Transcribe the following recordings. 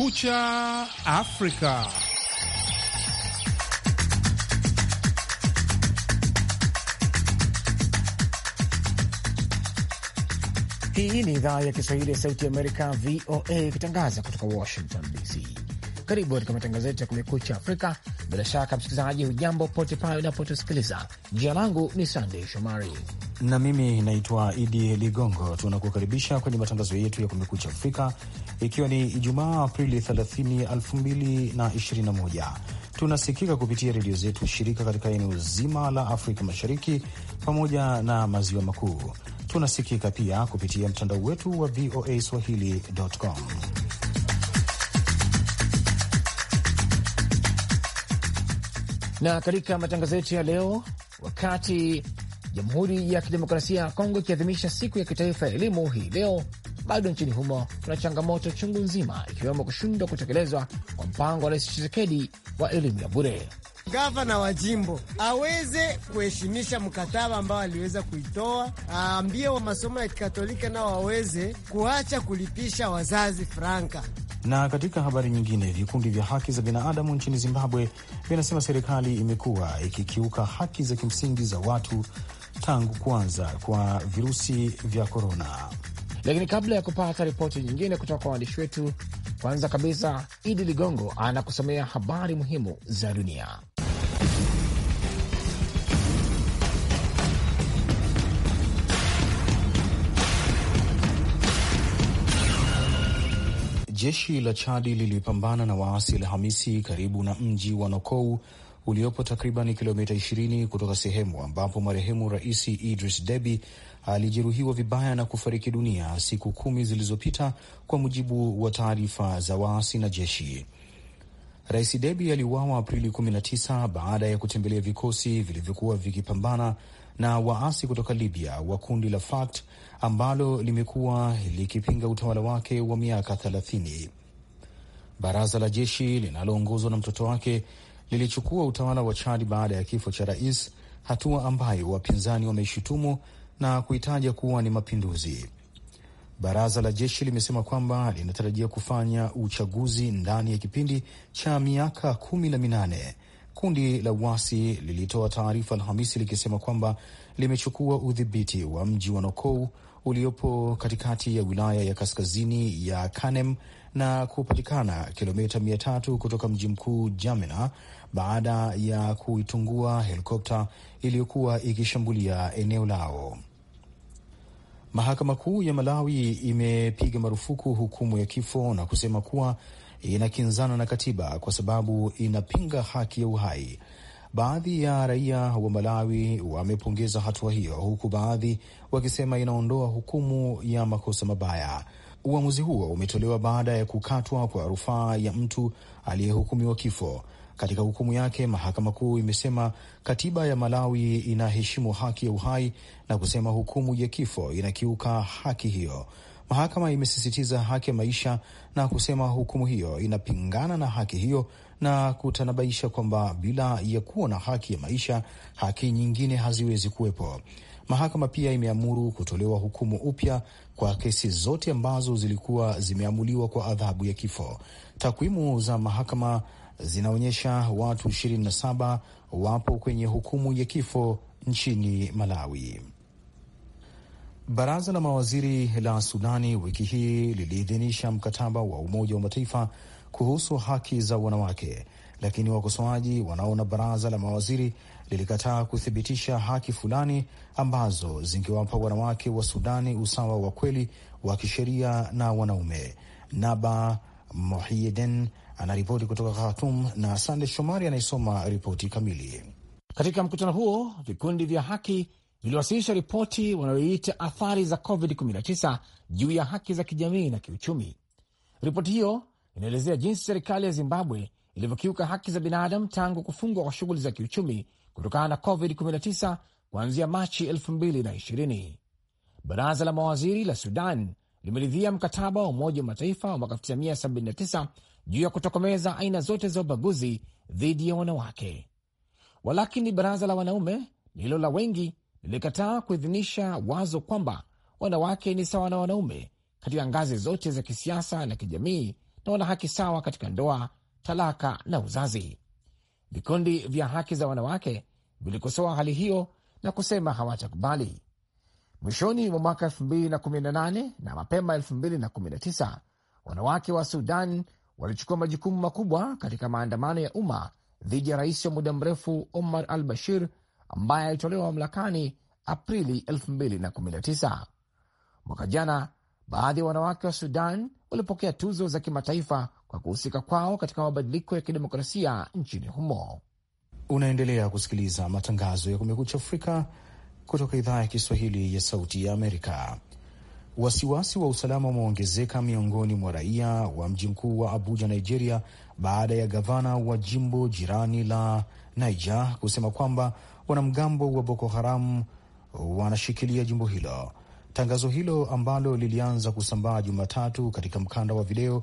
Kumekucha Afrika. Hii ni idhaa ya Kiswahili ya Sauti Amerika, VOA, ikitangaza kutoka Washington DC. Karibu katika matangazo yetu ya Kumekucha Afrika. Bila shaka, msikilizaji, hujambo pote pale unapotusikiliza. Jina langu ni Sandey Shomari na mimi naitwa Idi Ligongo. Tunakukaribisha kwenye matangazo yetu ya Kumekucha Afrika, ikiwa ni Ijumaa Aprili 30, 2021. Tunasikika kupitia redio zetu shirika katika eneo zima la Afrika Mashariki pamoja na maziwa makuu. Tunasikika pia kupitia mtandao wetu wa VOA swahili.com. Na katika matangazo yetu ya leo, wakati Jamhuri ya Kidemokrasia ya Kongo ikiadhimisha siku ya kitaifa ya elimu hii leo, bado nchini humo kuna changamoto chungu nzima, ikiwemo kushindwa kutekelezwa kwa mpango wa Rais Tshisekedi wa elimu ya bure. Gavana wa jimbo aweze kuheshimisha mkataba ambao aliweza kuitoa, aambie wa masomo ya Kikatolika nao waweze kuacha kulipisha wazazi franka. Na katika habari nyingine, vikundi vya haki za binadamu nchini Zimbabwe vinasema serikali imekuwa ikikiuka haki za kimsingi za watu tangu kuanza kwa virusi vya korona. Lakini kabla ya kupata ripoti nyingine kutoka kwa waandishi wetu, kwanza kabisa Idi Ligongo anakusomea habari muhimu za dunia. Jeshi la Chadi lilipambana na waasi Alhamisi karibu na mji wa Nokou uliopo takriban kilomita 20 kutoka sehemu ambapo marehemu Rais Idris Deby alijeruhiwa vibaya na kufariki dunia siku kumi zilizopita, kwa mujibu wa taarifa za waasi na jeshi. Rais Deby aliuawa Aprili 19 baada ya kutembelea vikosi vilivyokuwa vikipambana na waasi kutoka Libya wa kundi la FACT ambalo limekuwa likipinga utawala wake wa miaka 30. Baraza la jeshi linaloongozwa na mtoto wake lilichukua utawala wa Chad baada ya kifo cha rais, hatua ambayo wapinzani wameishutumu na kuitaja kuwa ni mapinduzi. Baraza la jeshi limesema kwamba linatarajia kufanya uchaguzi ndani ya kipindi cha miaka kumi na minane. Kundi la uasi lilitoa taarifa Alhamisi likisema kwamba limechukua udhibiti wa mji wa Nokou uliopo katikati ya wilaya ya kaskazini ya Kanem na kupatikana kilomita 3 kutoka mji mkuu jamina baada ya kuitungua helikopta iliyokuwa ikishambulia eneo lao. Mahakama Kuu ya Malawi imepiga marufuku hukumu ya kifo na kusema kuwa inakinzana na katiba kwa sababu inapinga haki ya uhai. Baadhi ya raia wa Malawi wamepongeza hatua hiyo, huku baadhi wakisema inaondoa hukumu ya makosa mabaya. Uamuzi huo umetolewa baada ya kukatwa kwa rufaa ya mtu aliyehukumiwa kifo. Katika hukumu yake, mahakama kuu imesema katiba ya Malawi inaheshimu haki ya uhai na kusema hukumu ya kifo inakiuka haki hiyo. Mahakama imesisitiza haki ya maisha na kusema hukumu hiyo inapingana na haki hiyo na kutanabaisha kwamba bila ya kuwa na haki ya maisha, haki nyingine haziwezi kuwepo. Mahakama pia imeamuru kutolewa hukumu upya kwa kesi zote ambazo zilikuwa zimeamuliwa kwa adhabu ya kifo. Takwimu za mahakama zinaonyesha watu 27 wapo kwenye hukumu ya kifo nchini Malawi. Baraza la mawaziri la Sudani wiki hii liliidhinisha mkataba wa Umoja wa Mataifa kuhusu haki za wanawake, lakini wakosoaji wanaona baraza la mawaziri lilikataa kuthibitisha haki fulani ambazo zingewapa wanawake wa Sudani usawa wa kweli wa kisheria na wanaume. Naba mohieden anaripoti kutoka Khartum na Sande Shomari anayesoma ripoti kamili. Katika mkutano huo, vikundi vya haki viliwasilisha ripoti wanayoita athari za COVID-19 juu ya haki za kijamii na kiuchumi. Ripoti hiyo inaelezea jinsi serikali ya Zimbabwe ilivyokiuka haki za binadamu tangu kufungwa kwa shughuli za kiuchumi kutokana na COVID-19 kuanzia Machi 2020. Baraza la mawaziri la Sudan limeridhia mkataba wa Umoja wa Mataifa wa mwaka 1979 juu ya kutokomeza aina zote za ubaguzi dhidi ya wanawake, walakini baraza la wanaume lililo la wengi lilikataa kuidhinisha wazo kwamba wanawake ni sawa na wanaume katika ngazi zote za kisiasa na kijamii na wana haki sawa katika ndoa, talaka na uzazi. Vikundi vya haki za wanawake vilikosoa hali hiyo na kusema hawatakubali. Mwishoni mwa mwaka 2018 na mapema 2019 wanawake wa Sudan walichukua majukumu makubwa katika maandamano ya umma dhidi ya rais wa muda mrefu Omar al Bashir ambaye alitolewa mamlakani Aprili 2019. Mwaka jana Baadhi ya wanawake wa Sudan walipokea tuzo za kimataifa kwa kuhusika kwao katika mabadiliko ya kidemokrasia nchini humo. Unaendelea kusikiliza matangazo ya Kumekucha Afrika kutoka idhaa ya Kiswahili ya Sauti ya Amerika. Wasiwasi wa usalama umeongezeka miongoni mwa raia wa mji mkuu wa Abuja, Nigeria, baada ya gavana wa jimbo jirani la Niger kusema kwamba wanamgambo wa Boko Haram wanashikilia jimbo hilo. Tangazo hilo ambalo lilianza kusambaa Jumatatu katika mkanda wa video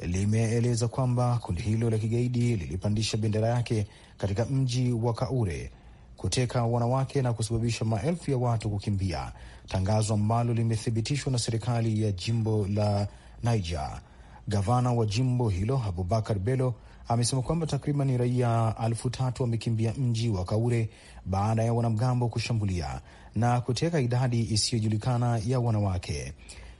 limeeleza kwamba kundi hilo la kigaidi lilipandisha bendera yake katika mji wa Kaure, kuteka wanawake na kusababisha maelfu ya watu kukimbia, tangazo ambalo limethibitishwa na serikali ya jimbo la Niger. Gavana wa jimbo hilo Abubakar Bello amesema kwamba takriban raia elfu tatu wamekimbia mji wa Kaure baada ya wanamgambo kushambulia na kuteka idadi isiyojulikana ya wanawake.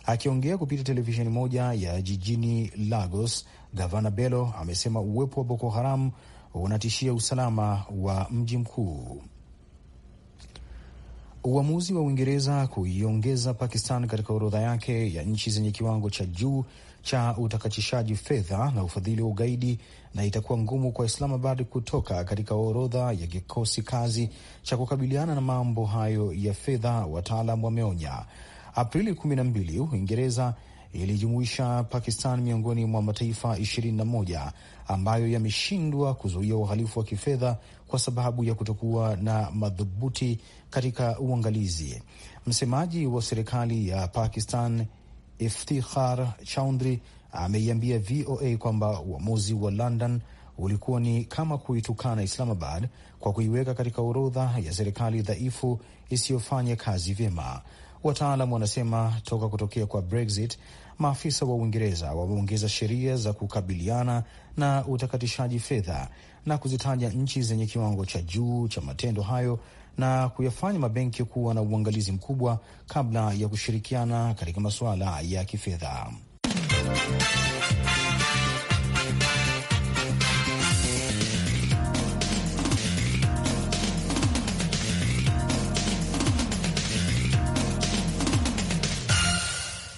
Akiongea kupitia televisheni moja ya jijini Lagos, gavana Bello amesema uwepo wa Boko Haram unatishia usalama wa mji mkuu. Uamuzi wa Uingereza kuiongeza Pakistan katika orodha yake ya nchi zenye kiwango cha juu cha utakatishaji fedha na ufadhili wa ugaidi na itakuwa ngumu kwa Islamabad kutoka katika orodha ya kikosi kazi cha kukabiliana na mambo hayo ya fedha, wataalam wameonya. Aprili 12 Uingereza ilijumuisha Pakistan miongoni mwa mataifa 21 ambayo yameshindwa kuzuia uhalifu wa kifedha kwa sababu ya kutokuwa na madhubuti katika uangalizi. Msemaji wa serikali ya Pakistan Iftikhar Chaudhry ameiambia VOA kwamba uamuzi wa London ulikuwa ni kama kuitukana Islamabad kwa kuiweka katika orodha ya serikali dhaifu isiyofanya kazi vyema. Wataalam wanasema toka kutokea kwa Brexit, maafisa wa Uingereza wameongeza sheria za kukabiliana na utakatishaji fedha na kuzitaja nchi zenye kiwango cha juu cha matendo hayo na kuyafanya mabenki kuwa na uangalizi mkubwa kabla ya kushirikiana katika masuala ya kifedha.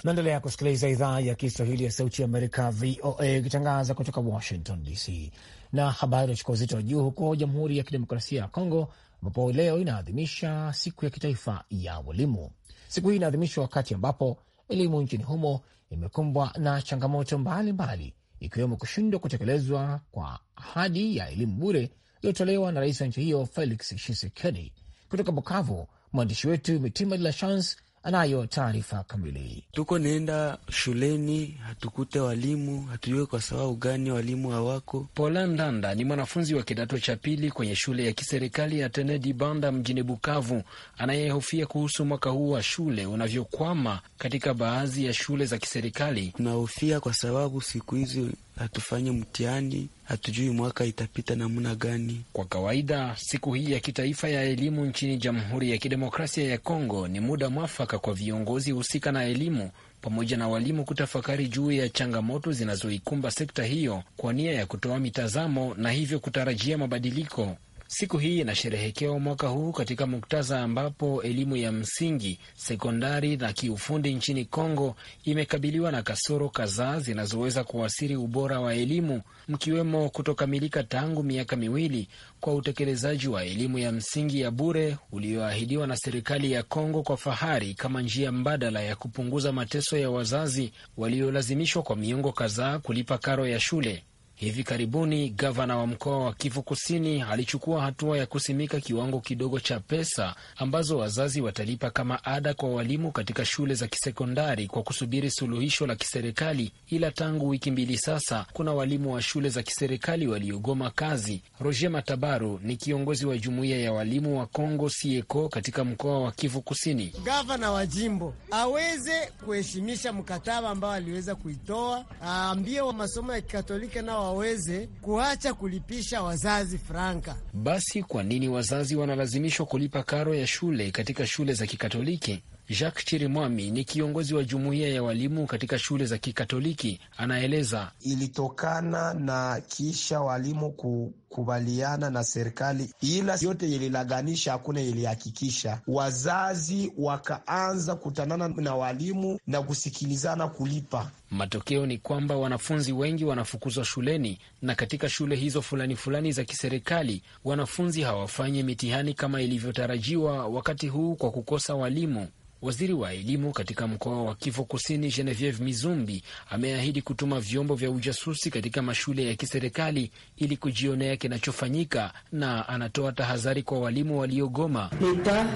Naendelea kusikiliza idhaa ya Kiswahili ya Sauti ya Amerika, VOA, ikitangaza kutoka Washington DC. Na habari achukua uzito wa juu huko Jamhuri ya Kidemokrasia ya Kongo ambapo leo inaadhimisha siku ya kitaifa ya walimu. Siku hii inaadhimishwa wakati ambapo elimu nchini humo imekumbwa na changamoto mbalimbali, ikiwemo kushindwa kutekelezwa kwa ahadi ya elimu bure iliyotolewa na rais wa nchi hiyo Felix Tshisekedi. Kutoka Bukavu, mwandishi wetu Mitima de la Chance anayo taarifa kamili. Tuko nenda shuleni, hatukute walimu, hatujue kwa sababu gani walimu hawako. Polan Danda ni mwanafunzi wa kidato cha pili kwenye shule ya kiserikali ya Tenedi Banda mjini Bukavu, anayehofia kuhusu mwaka huu wa shule unavyokwama katika baadhi ya shule za kiserikali. Tunahofia kwa sababu siku hizi hatufanye mtihani, hatujui mwaka itapita namna gani. Kwa kawaida siku hii ya kitaifa ya elimu nchini Jamhuri ya Kidemokrasia ya Kongo ni muda mwafaka kwa viongozi husika na elimu pamoja na walimu kutafakari juu ya changamoto zinazoikumba sekta hiyo kwa nia ya kutoa mitazamo na hivyo kutarajia mabadiliko. Siku hii inasherehekewa mwaka huu katika muktadha ambapo elimu ya msingi, sekondari na kiufundi nchini Kongo imekabiliwa na kasoro kadhaa zinazoweza kuathiri ubora wa elimu, mkiwemo kutokamilika tangu miaka miwili kwa utekelezaji wa elimu ya msingi ya bure ulioahidiwa na serikali ya Kongo kwa fahari kama njia mbadala ya kupunguza mateso ya wazazi waliolazimishwa kwa miongo kadhaa kulipa karo ya shule. Hivi karibuni gavana wa mkoa wa Kivu Kusini alichukua hatua ya kusimika kiwango kidogo cha pesa ambazo wazazi watalipa kama ada kwa walimu katika shule za kisekondari kwa kusubiri suluhisho la kiserikali, ila tangu wiki mbili sasa kuna walimu wa shule za kiserikali waliogoma kazi. Roger Matabaru ni kiongozi wa jumuiya ya walimu wa congo Sieko katika mkoa wa Kivu Kusini. Gavana wa jimbo aweze kuheshimisha mkataba ambao aliweza kuitoa, aambie wa masomo ya kikatolika nao waweze kuacha kulipisha wazazi franka. Basi kwa nini wazazi wanalazimishwa kulipa karo ya shule katika shule za Kikatoliki? Jacques Chirimwami ni kiongozi wa jumuiya ya walimu katika shule za Kikatoliki, anaeleza. Ilitokana na kisha walimu kukubaliana na serikali, ila yote ililaganisha, hakuna ilihakikisha. Wazazi wakaanza kutanana na walimu na kusikilizana kulipa. Matokeo ni kwamba wanafunzi wengi wanafukuzwa shuleni, na katika shule hizo fulani fulani za kiserikali wanafunzi hawafanyi mitihani kama ilivyotarajiwa wakati huu kwa kukosa walimu. Waziri wa elimu katika mkoa wa Kivu Kusini, Genevieve Mizumbi, ameahidi kutuma vyombo vya ujasusi katika mashule ya kiserikali ili kujionea kinachofanyika, na anatoa tahadhari kwa walimu waliogoma. Leta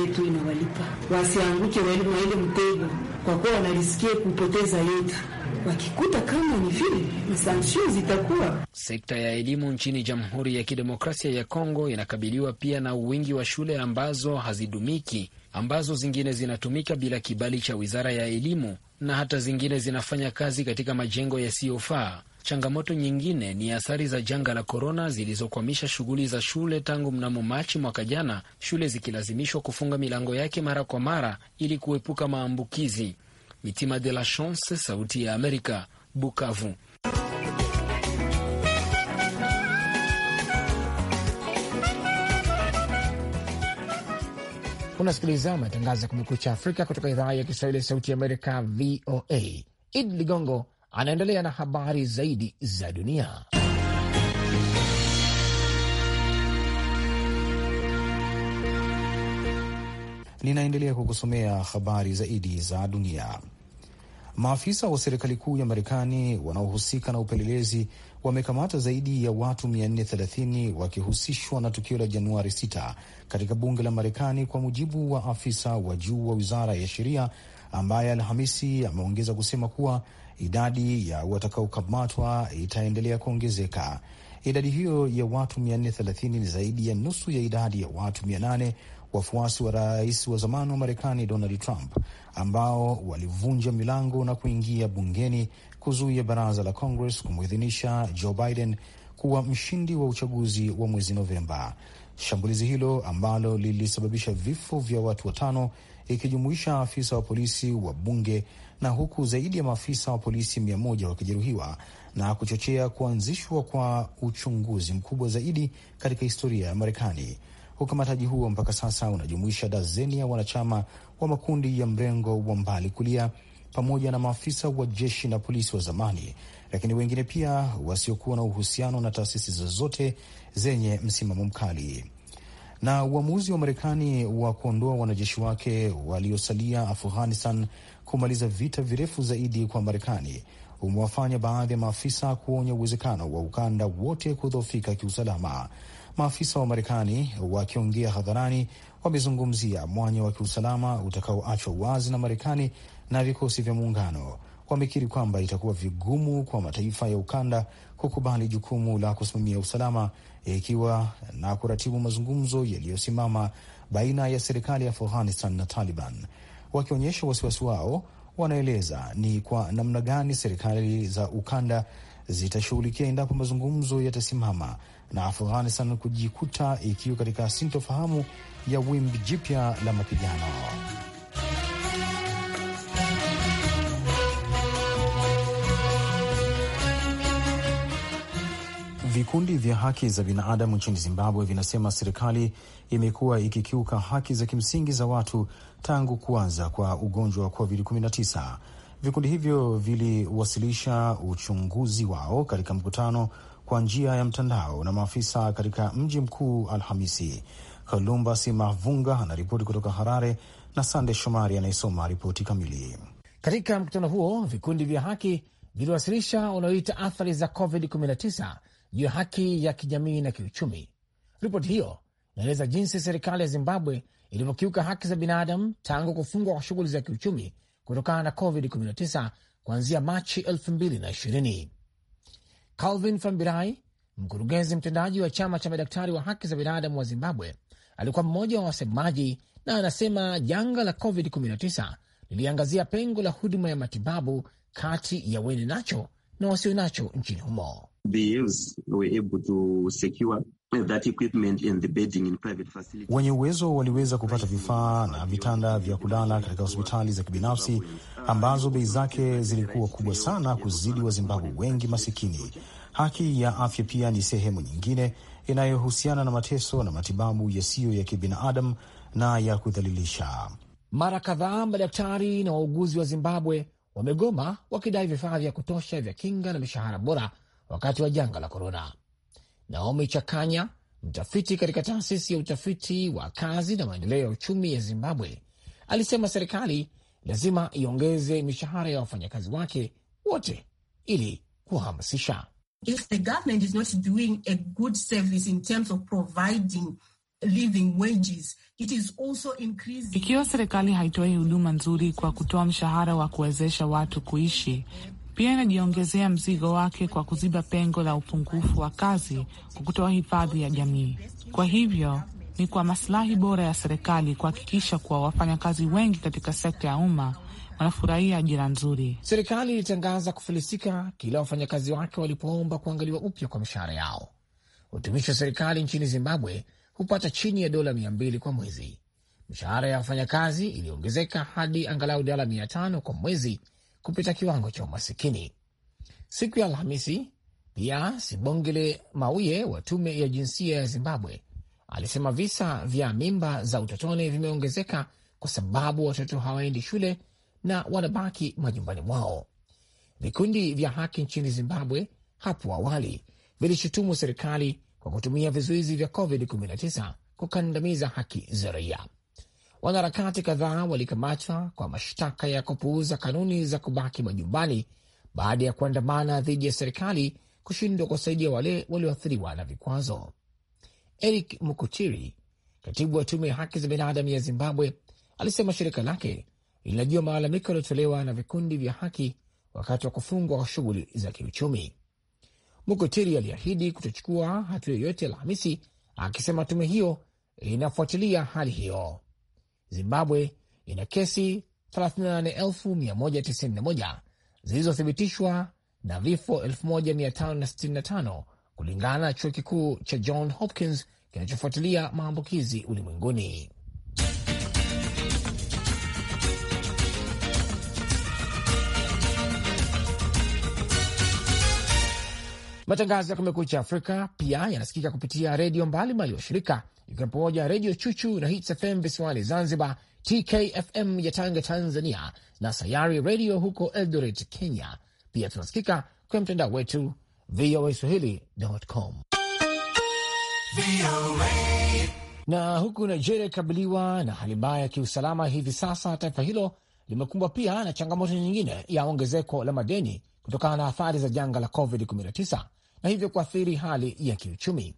yetu inawalipa wasianguke walimu mtego, kwa kuwa kupoteza yetu wakikuta kama ni vile sanction zitakuwa. Sekta ya elimu nchini Jamhuri ya Kidemokrasia ya Kongo inakabiliwa pia na wingi wa shule ambazo hazidumiki ambazo zingine zingine zinatumika bila kibali cha wizara ya elimu na hata zingine zinafanya kazi katika majengo yasiyofaa. Changamoto nyingine ni athari za janga la korona zilizokwamisha shughuli za shule tangu mnamo Machi mwaka jana, shule zikilazimishwa kufunga milango yake mara kwa mara ili kuepuka maambukizi. Mitima de la Chance, Sauti ya Amerika, Bukavu. unasikiliza matangazo ya Kumekucha Afrika kutoka idhaa ya Kiswahili ya Sauti ya Amerika, VOA. id Ligongo anaendelea na habari zaidi za dunia. Ninaendelea kukusomea habari zaidi za dunia. Maafisa wa serikali kuu ya Marekani wanaohusika na upelelezi wamekamata zaidi ya watu 430 wakihusishwa na tukio la Januari 6 katika bunge la Marekani, kwa mujibu wa afisa wa juu wa wizara ya sheria ambaye Alhamisi ameongeza kusema kuwa idadi ya watakaokamatwa itaendelea kuongezeka. Idadi hiyo ya watu 430 ni zaidi ya nusu ya idadi ya watu wafuasi wa rais wa zamani wa Marekani Donald Trump ambao walivunja milango na kuingia bungeni kuzuia baraza la Congress kumwidhinisha Joe Biden kuwa mshindi wa uchaguzi wa mwezi Novemba. Shambulizi hilo ambalo lilisababisha vifo vya watu watano ikijumuisha afisa wa polisi wa bunge na huku zaidi ya maafisa wa polisi mia moja wakijeruhiwa na kuchochea kuanzishwa kwa uchunguzi mkubwa zaidi katika historia ya Marekani. Ukamataji huo mpaka sasa unajumuisha dazeni ya wanachama wa makundi ya mrengo wa mbali kulia pamoja na maafisa wa jeshi na polisi wa zamani, lakini wengine pia wasiokuwa na uhusiano na taasisi zozote zenye msimamo mkali. Na uamuzi wa Marekani wa kuondoa wanajeshi wake waliosalia Afghanistan kumaliza vita virefu zaidi kwa Marekani umewafanya baadhi ya maafisa kuonya uwezekano wa ukanda wote kudhoofika kiusalama. Maafisa wa Marekani wakiongea hadharani wamezungumzia mwanya wa kiusalama utakaoachwa wazi na Marekani na vikosi vya muungano. Wamekiri kwamba itakuwa vigumu kwa mataifa ya ukanda kukubali jukumu la kusimamia usalama ikiwa na kuratibu mazungumzo yaliyosimama baina ya serikali ya Afghanistan na Taliban. Wakionyesha wasiwasi wao, wanaeleza ni kwa namna gani serikali za ukanda zitashughulikia endapo mazungumzo yatasimama na Afghanistan kujikuta ikiwa katika sintofahamu ya wimbi jipya la mapigano. Vikundi vya haki za binadamu nchini Zimbabwe vinasema serikali imekuwa ikikiuka haki za kimsingi za watu tangu kuanza kwa ugonjwa wa COVID-19. Vikundi hivyo viliwasilisha uchunguzi wao katika mkutano kwa njia ya mtandao na maafisa katika mji mkuu Alhamisi. Kalumba Mavunga anaripoti kutoka Harare na Sande Shomari anayesoma ripoti kamili. Katika mkutano huo, vikundi vya haki viliwasilisha unaoita athari za COVID-19 juu ya haki ya kijamii na kiuchumi. Ripoti hiyo inaeleza jinsi serikali ya Zimbabwe ilivyokiuka haki za binadamu tangu kufungwa kwa shughuli za kiuchumi kutokana na COVID-19 kuanzia Machi 2020. Calvin Fambirai, mkurugenzi mtendaji wa chama cha madaktari wa haki za binadamu wa Zimbabwe, alikuwa mmoja wa wasemaji na anasema janga la COVID-19 liliangazia pengo la huduma ya matibabu kati ya wenye nacho na wasio nacho nchini humo. The Uh, Wenye uwezo waliweza kupata vifaa na vitanda vya kulala katika hospitali za kibinafsi ambazo bei zake zilikuwa kubwa sana kuzidi Wazimbabwe wengi masikini. Haki ya afya pia ni sehemu nyingine inayohusiana na mateso na matibabu yasiyo ya kibinadamu na ya kudhalilisha. Mara kadhaa madaktari na wauguzi wa Zimbabwe wamegoma wakidai vifaa vya kutosha vya kinga na mishahara bora wakati wa janga la korona. Naomi Chakanya, mtafiti katika taasisi ya utafiti wa kazi na maendeleo ya uchumi ya Zimbabwe, alisema serikali lazima iongeze mishahara ya wafanyakazi wake wote ili kuwahamasisha. Ikiwa serikali haitoi huduma nzuri kwa kutoa mshahara wa kuwezesha watu kuishi, pia inajiongezea mzigo wake kwa kuziba pengo la upungufu wa kazi kwa kutoa hifadhi ya jamii. Kwa hivyo ni kwa masilahi bora ya serikali kuhakikisha kuwa wafanyakazi wengi katika sekta ya umma wanafurahia ajira nzuri. Serikali ilitangaza kufilisika kila wafanyakazi wake walipoomba kuangaliwa upya kwa mishahara yao. Utumishi wa serikali nchini Zimbabwe hupata chini ya dola mia mbili kwa mwezi. Mishahara ya wafanyakazi iliongezeka hadi angalau dola mia tano kwa mwezi kupita kiwango cha umasikini. Siku ya Alhamisi pia Sibongile Mauye wa tume ya jinsia ya Zimbabwe alisema visa vya mimba za utotoni vimeongezeka kwa sababu watoto hawaendi shule na wanabaki majumbani mwao. Vikundi vya haki nchini Zimbabwe hapo awali vilishutumu serikali kwa kutumia vizuizi vya COVID-19 kukandamiza haki za raia. Wanaharakati kadhaa walikamatwa kwa mashtaka ya kupuuza kanuni za kubaki majumbani baada ya kuandamana dhidi ya serikali kushindwa kuwasaidia wale walioathiriwa na vikwazo. Eric Mukutiri, katibu wa tume ya haki za binadamu ya Zimbabwe, alisema shirika lake linajua malalamiko yaliyotolewa na vikundi vya haki wakati wa kufungwa kwa shughuli za kiuchumi. Mukutiri aliahidi kutochukua hatua yoyote Alhamisi, akisema tume hiyo inafuatilia hali hiyo. Zimbabwe ina kesi 38191 zilizothibitishwa na vifo 1565 kulingana na chuo kikuu cha John Hopkins kinachofuatilia maambukizi ulimwenguni. Matangazo ya Kumekucha Afrika pia yanasikika kupitia redio mbalimbali wa shirika, ikiwa pamoja Redio Chuchu na Hits FM visiwani Zanzibar, TKFM ya Tanga, Tanzania, na Sayari Redio huko Eldoret, Kenya. Pia tunasikika kwenye mtandao wetu VOA Swahili.com. Na huku Nigeria ikabiliwa na hali mbaya ya kiusalama hivi sasa, taifa hilo limekumbwa pia na changamoto nyingine ya ongezeko la madeni kutokana na athari za janga la COVID-19 na hivyo kuathiri hali ya kiuchumi.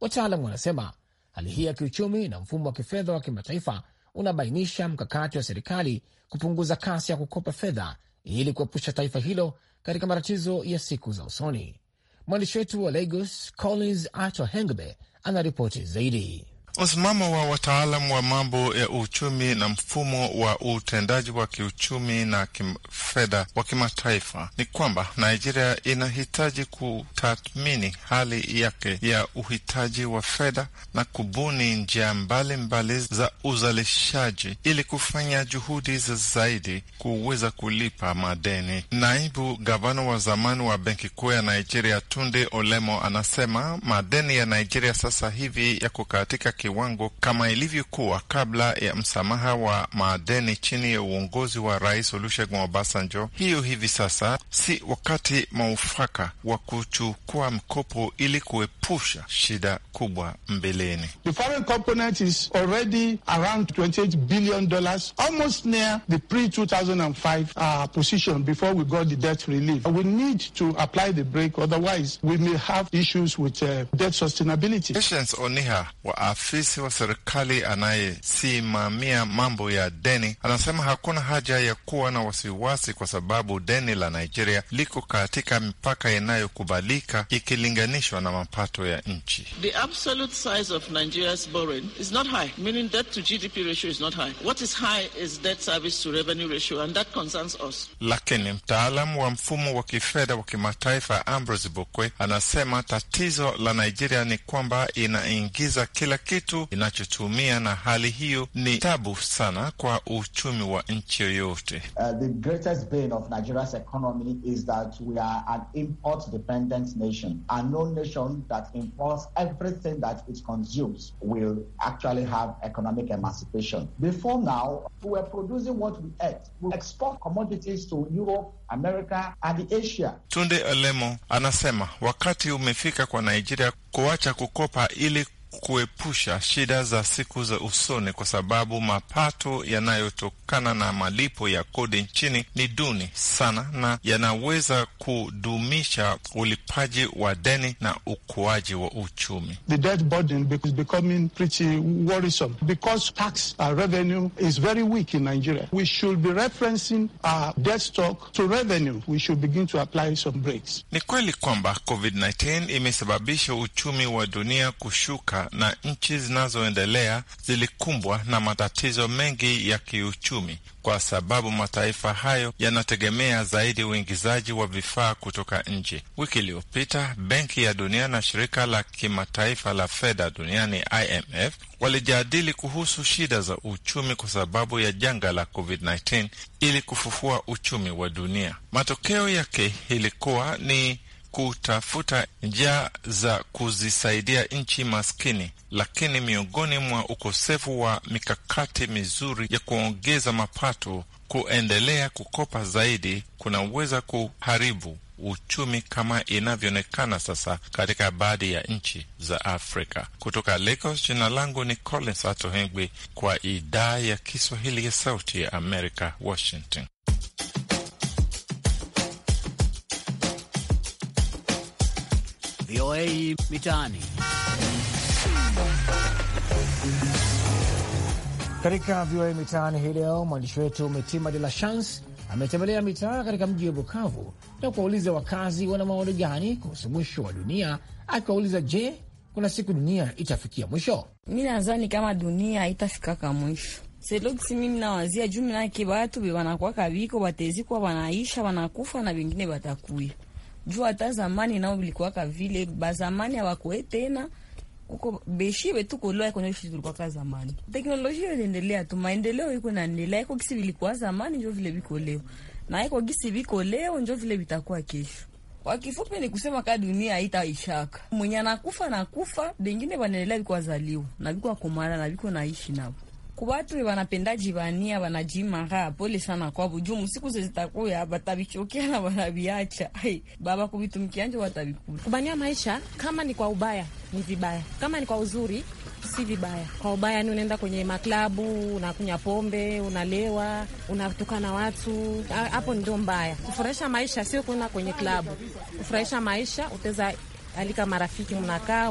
Wataalam wanasema hali hii ya kiuchumi na mfumo wa kifedha wa kimataifa unabainisha mkakati wa serikali kupunguza kasi ya kukopa fedha ili kuepusha taifa hilo katika matatizo ya siku za usoni. Mwandishi wetu wa Lagos Collins Ato Hengbe anaripoti zaidi. Msimamo wa wataalam wa mambo ya uchumi na mfumo wa utendaji wa kiuchumi na kifedha wa kimataifa ni kwamba Nigeria inahitaji kutathmini hali yake ya uhitaji wa fedha na kubuni njia mbalimbali za uzalishaji ili kufanya juhudi za zaidi kuweza kulipa madeni. Naibu gavana wa zamani wa Benki Kuu ya Nigeria Tunde Olemo anasema madeni ya Nigeria sasa hivi yako katika kiwango kama ilivyokuwa kabla ya msamaha wa madeni chini ya uongozi wa Rais Olusegun Obasanjo. Hiyo hivi sasa si wakati maufaka wa kuchukua mkopo ili kuepusha shida kubwa mbeleni. The foreign component is already around 28 billion dollars almost near the pre-2005 uh, position before we got the debt relief. We need to apply the brake otherwise we may have issues with uh, debt sustainability. Patience Oniha wa mwasisi wa serikali anayesimamia mambo ya deni anasema hakuna haja ya kuwa na wasiwasi kwa sababu deni la Nigeria liko katika mipaka inayokubalika ikilinganishwa na mapato ya nchi. The absolute size of Nigeria's borrowing is not high, meaning debt to GDP ratio is not high. What is high is debt service to revenue ratio and that concerns us. Lakini mtaalamu wa mfumo wa kifedha wa kimataifa Ambrose Bokwe anasema tatizo la Nigeria ni kwamba inaingiza kila kitu kitu inachotumia, na hali hiyo ni tabu sana kwa uchumi wa nchi yoyote. Uh, the greatest Nigeria's economy is that everything that it consumes will actually emancipation. Before now, what we to Europe, America Tunde Olemo anasema wakati umefika kwa Nigeria kuacha kukopa ili kuepusha shida za siku za usoni, kwa sababu mapato yanayotokana na malipo ya kodi nchini ni duni sana na yanaweza kudumisha ulipaji wa deni na ukuaji wa uchumi. The debt burden is becoming pretty worrisome because tax uh, revenue is very weak in Nigeria. We should be referencing our uh, debt stock to revenue. We should begin to apply some Ni kweli kwamba COVID-19 imesababisha uchumi wa dunia kushuka na nchi zinazoendelea zilikumbwa na matatizo mengi ya kiuchumi kwa sababu mataifa hayo yanategemea zaidi uingizaji wa vifaa kutoka nje. Wiki iliyopita Benki ya Dunia na shirika la kimataifa la fedha duniani IMF walijadili kuhusu shida za uchumi kwa sababu ya janga la COVID-19 ili kufufua uchumi wa dunia. Matokeo yake ilikuwa ni kutafuta njia za kuzisaidia nchi maskini, lakini miongoni mwa ukosefu wa mikakati mizuri ya kuongeza mapato, kuendelea kukopa zaidi kunaweza kuharibu uchumi kama inavyoonekana sasa katika baadhi ya nchi za Afrika. Kutoka Lagos, jina langu ni Collins Atohengwi kwa idhaa ya Kiswahili ya Sauti ya Amerika, Washington. VOA Mitaani. Katika VOA Mitaani hii leo mwandishi wetu Mitima De La Chance ametembelea mitaa katika mji wa Bukavu na kuwauliza wakazi wana maoni gani kuhusu mwisho wa dunia, akiwauliza je, kuna siku dunia itafikia mwisho? Mi nazani kama dunia itafikaka mwisho selosi, mimi nawazia juu minake batu be wanakwaka batezikwa wanaisha wanakufa na vengine batakuya juu hata zamani nao vilikuwaka vile bazamani hawakue tena kuko beshi wetu kuloa kwenye vitu vilikuwa kwa zamani. Teknolojia inaendelea tu, maendeleo iko naendelea, iko kisi vilikuwa zamani njo vile viko leo, na iko kisi viko leo njo vile vitakuwa kesho. Kwa kifupi ni kusema ka dunia haitaishaka, mwenye anakufa nakufa, bengine banaendelea viko wazaliwa na viko akomana na viko naishi nao kubatu wanapendaji vania wanajimara pole sana kwa bujum siku zitakuya batabichokia na wanaviacha ai baba kubitumkianje watabikula kubania maisha kama ni kwa ubaya ni vibaya kama ni kwa uzuri si vibaya kwa ubaya ni unaenda kwenye maklabu unakunya pombe unalewa unatukana watu hapo ndio mbaya kufurahisha maisha sio kuenda kwenye klabu kufurahisha maisha utaweza alika marafiki, mnakaa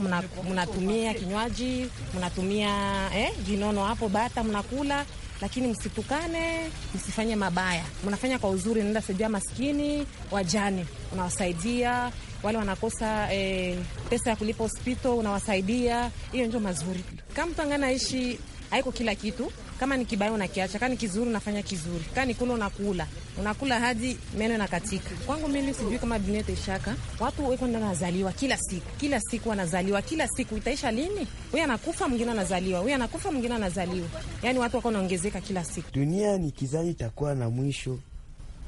mnatumia kinywaji mnatumia eh, vinono hapo bata mnakula, lakini msitukane, msifanye mabaya, mnafanya kwa uzuri. Naenda saidia maskini, wajane, unawasaidia wale wanakosa eh, pesa ya kulipa hospito, unawasaidia. Hiyo ndio mazuri. Kama mtu anganaishi, haiko kila kitu kama ni kibaya unakiacha, kama ni kizuri unafanya kizuri, kama ni kula unakula, unakula hadi meno nakatika. Kwangu mimi sijui kama dunia itaishaka. Watu weko ndio wanazaliwa kila siku, kila siku wanazaliwa, kila siku itaisha lini? Huyu anakufa mwingine anazaliwa, huyu anakufa mwingine anazaliwa. Yani watu wako wanaongezeka kila siku. Dunia ni kizazi itakuwa na mwisho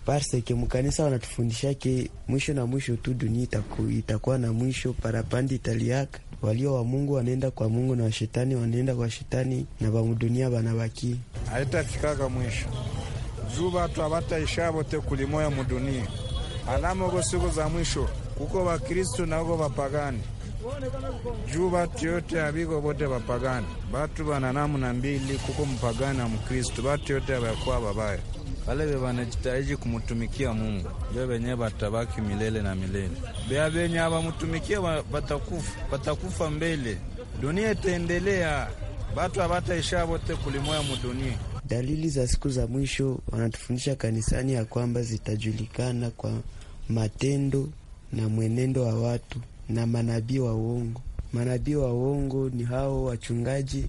parseke mkanisa wanatufundishake mwisho na mwisho tu dunia itaku, itakuwa na mwisho parapandi italiaka walio wa Mungu wanaenda kwa Mungu na washetani wanaenda kwa shetani na bamudunia vanavaki haitafikaka mwisho juu batu abataisha vote kulimoya mudunia alama siku za mwisho kuko vakristu nako bapagani juu vatu yote abiko vote bapagani batu vananamu na mbili kuko mpagani na mkristu vatu yote abakuwa vavaya wale wanajitahidi kumutumikia Mungu njo venye watabaki milele na milele. Bea venye abamutumikia batakufa, batakufa mbele, dunia itaendelea, batu abataisha bote kulimoya mudunia. Dalili za siku za mwisho wanatufundisha kanisani ya kwamba zitajulikana kwa matendo na mwenendo wa watu na manabii wa uongo. Manabii wa uongo ni hao wachungaji,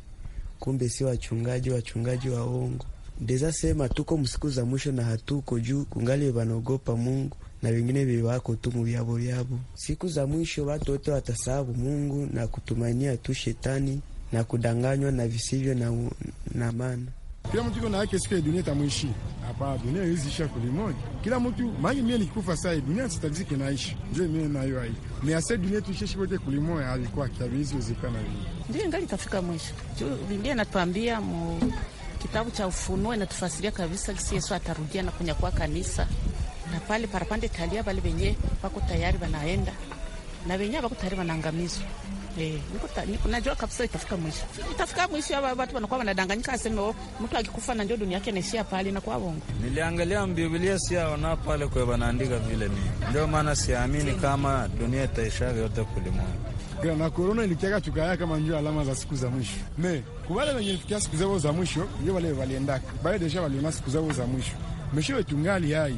kumbe si wachungaji, wachungaji wa uongo ndeza sema tuko msiku za mwisho na hatuko juu kungali vanogopa Mungu na vengine vevako tumu muvyavo vyavo. Siku za mwisho watu wote watasahabu Mungu na kutumania tu shetani na kudanganywa na visivyo na, na maana. Kila mtu iko na yake, siku ya dunia itamwishi. Hapa dunia hizi isha kulimoja, kila mtu maji. Mimi nikikufa sasa, dunia sitakizi kinaishi, ndio mie nayo hai mimi asa dunia tuishishi wote kulimoja, alikuwa kiabizi uzikana ndio ngali kafika mwisho. Biblia natuambia mu kitabu cha Ufunuo inatufasiria kabisa kisi Yesu atarudia na kunyakua kanisa, na pale parapande talia bali benye bako tayari banaenda na benye bako tayari banaangamizwa. Eh, najua kabisa itafika mwisho, itafika mwisho. Watu wanakuwa wanadanganyika, aseme oh, mtu akikufa na ndio dunia yake inaishia pale, na kwa wongo. Niliangalia Biblia siaona pale kwa banaandika vile, mimi ndio maana siamini kama dunia itaisha yote kulimwengu na korona ilikiaga tukaya kama njua alama za siku za mwisho me kuwale wenye lifikia siku zao za mwisho ndio wale waliendaka bale deja waliona siku zao za mwisho meshiwe tungali hai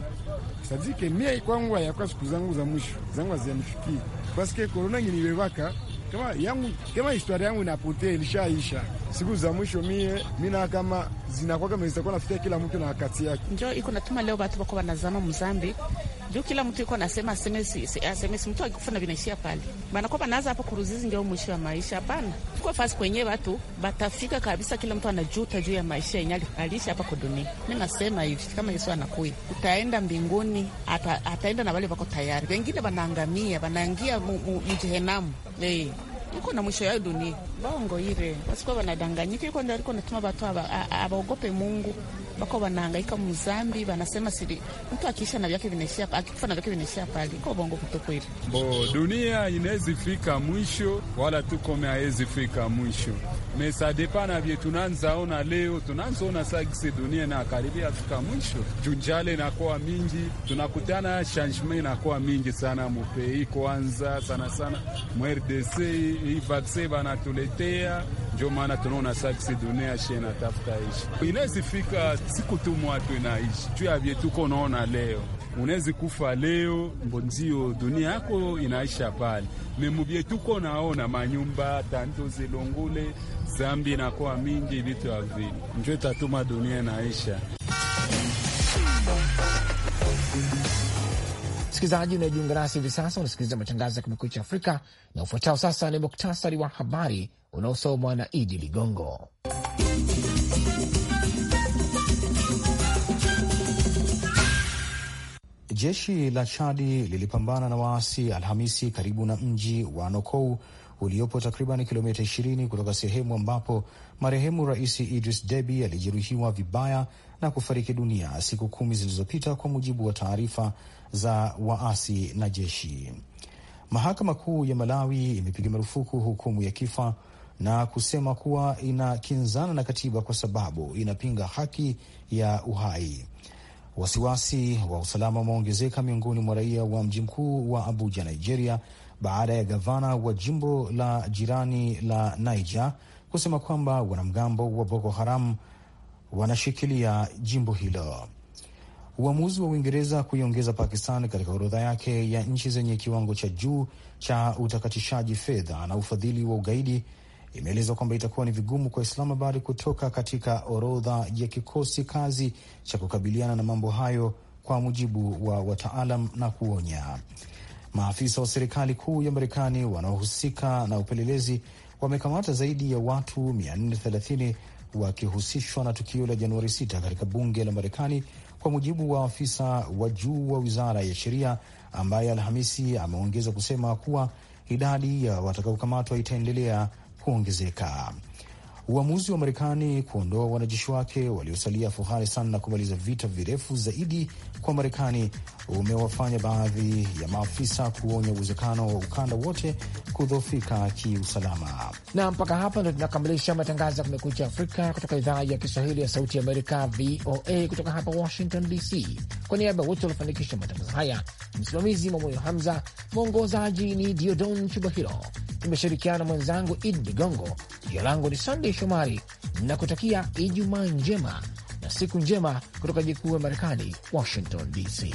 sadike mie kwangu yakwa siku zangu za mwisho zangu azinifikie paske korona nilibebaka kama yangu kama historia yangu inapotea ilishaisha siku za mwisho mie mina kama zinakwaga kwa nafikia kila mtu na wakati yake, Njoo iko natuma leo watu wako wanazama mzambi juu kila mtu iko semesi semesi, ah, mtu akifuna vinaishia pale, Maana kwa banaza hapo kuruzizi, ndio mwisho wa maisha. Hapana, Kwa fasi kwenye watu batafika kabisa, kila mtu anajuta juu ya maisha yenyewe alisha hapa kwa dunia. Mimi nasema hivi, kama Yesu anakuja, utaenda mbinguni, ata, ataenda na wale wako tayari, wengine wanaangamia, wanaingia mjehenamu. Eh. Hey, iko na mwisho ya dunia bongo ile, basikuwa banadanganyika, iko ndio natuma batu abaogope Mungu bako wanahangaika mzambi, wanasema siri mtu akiisha na vyake vinaishia, akikufa na vyake vinaishia pale. Iko bongo kuto kweli, bo dunia inaezi fika mwisho, wala tukome hawezi fika mwisho mesadepana vye ona leo, tunanza ona sagisi dunia na karibia fika mwisho, junjale inakuwa mingi, tunakutana changement inakuwa mingi sana mupei, kwanza sana sana mRDC hii vaksin vanatuletea ndio maana tunaona saksi dunia ashe natafuta ishi, inawezi fika siku tu mwatu inaishi juu yavye tuko Unaona leo unawezi kufa leo, mbonzio dunia yako inaisha pale tuko Naona manyumba tanto zilongule zambi inakuwa mingi, vitu ya vili njo itatuma dunia inaisha. Msikilizaji unayejiunga nasi hivi sasa, unasikiliza matangazo ya Kumekucha Afrika na ufuatao sasa ni muktasari wa habari unaosomwa na Idi Ligongo. Jeshi la Chadi lilipambana na waasi Alhamisi karibu na mji wa Nokou uliopo takriban kilomita 20 kutoka sehemu ambapo marehemu Rais Idris Deby alijeruhiwa vibaya na kufariki dunia siku kumi zilizopita, kwa mujibu wa taarifa za waasi na jeshi. Mahakama Kuu ya Malawi imepiga marufuku hukumu ya kifa na kusema kuwa inakinzana na katiba kwa sababu inapinga haki ya uhai. Wasiwasi wa usalama umeongezeka miongoni mwa raia wa mji mkuu wa Abuja, Nigeria, baada ya gavana wa jimbo la jirani la Niger kusema kwamba wanamgambo wa Boko Haram wanashikilia jimbo hilo. Uamuzi wa Uingereza kuiongeza Pakistan katika orodha yake ya nchi zenye kiwango cha juu cha utakatishaji fedha na ufadhili wa ugaidi imeelezwa kwamba itakuwa ni vigumu kwa Islamabad kutoka katika orodha ya kikosi kazi cha kukabiliana na mambo hayo, kwa mujibu wa wataalam na kuonya. Maafisa wa serikali kuu ya Marekani wanaohusika na upelelezi wamekamata zaidi ya watu 430 wakihusishwa na tukio la Januari 6 katika bunge la Marekani kwa mujibu wa afisa wa juu wa wizara ya sheria ambaye Alhamisi ameongeza kusema kuwa idadi ya watakaokamatwa itaendelea kuongezeka. Uamuzi wa Marekani kuondoa wanajeshi wake waliosalia Afghanistan na kumaliza vita virefu zaidi kwa Marekani umewafanya baadhi ya maafisa kuonya uwezekano wa ukanda wote kudhofika kiusalama. Na mpaka hapa ndo tunakamilisha matangazo ya Kumekucha Afrika kutoka idhaa ya Kiswahili ya Sauti ya Amerika, VOA, kutoka hapa Washington DC. Kwa niaba ya wote waliofanikisha matangazo haya, msimamizi Mwamoyo Hamza, mwongozaji ni Diodon Chubahiro, imeshirikiana mwenzangu id Ligongo. Jina langu ni Sandey Shomari na kutakia Ijumaa njema na siku njema kutoka jikuu ya Marekani, Washington DC.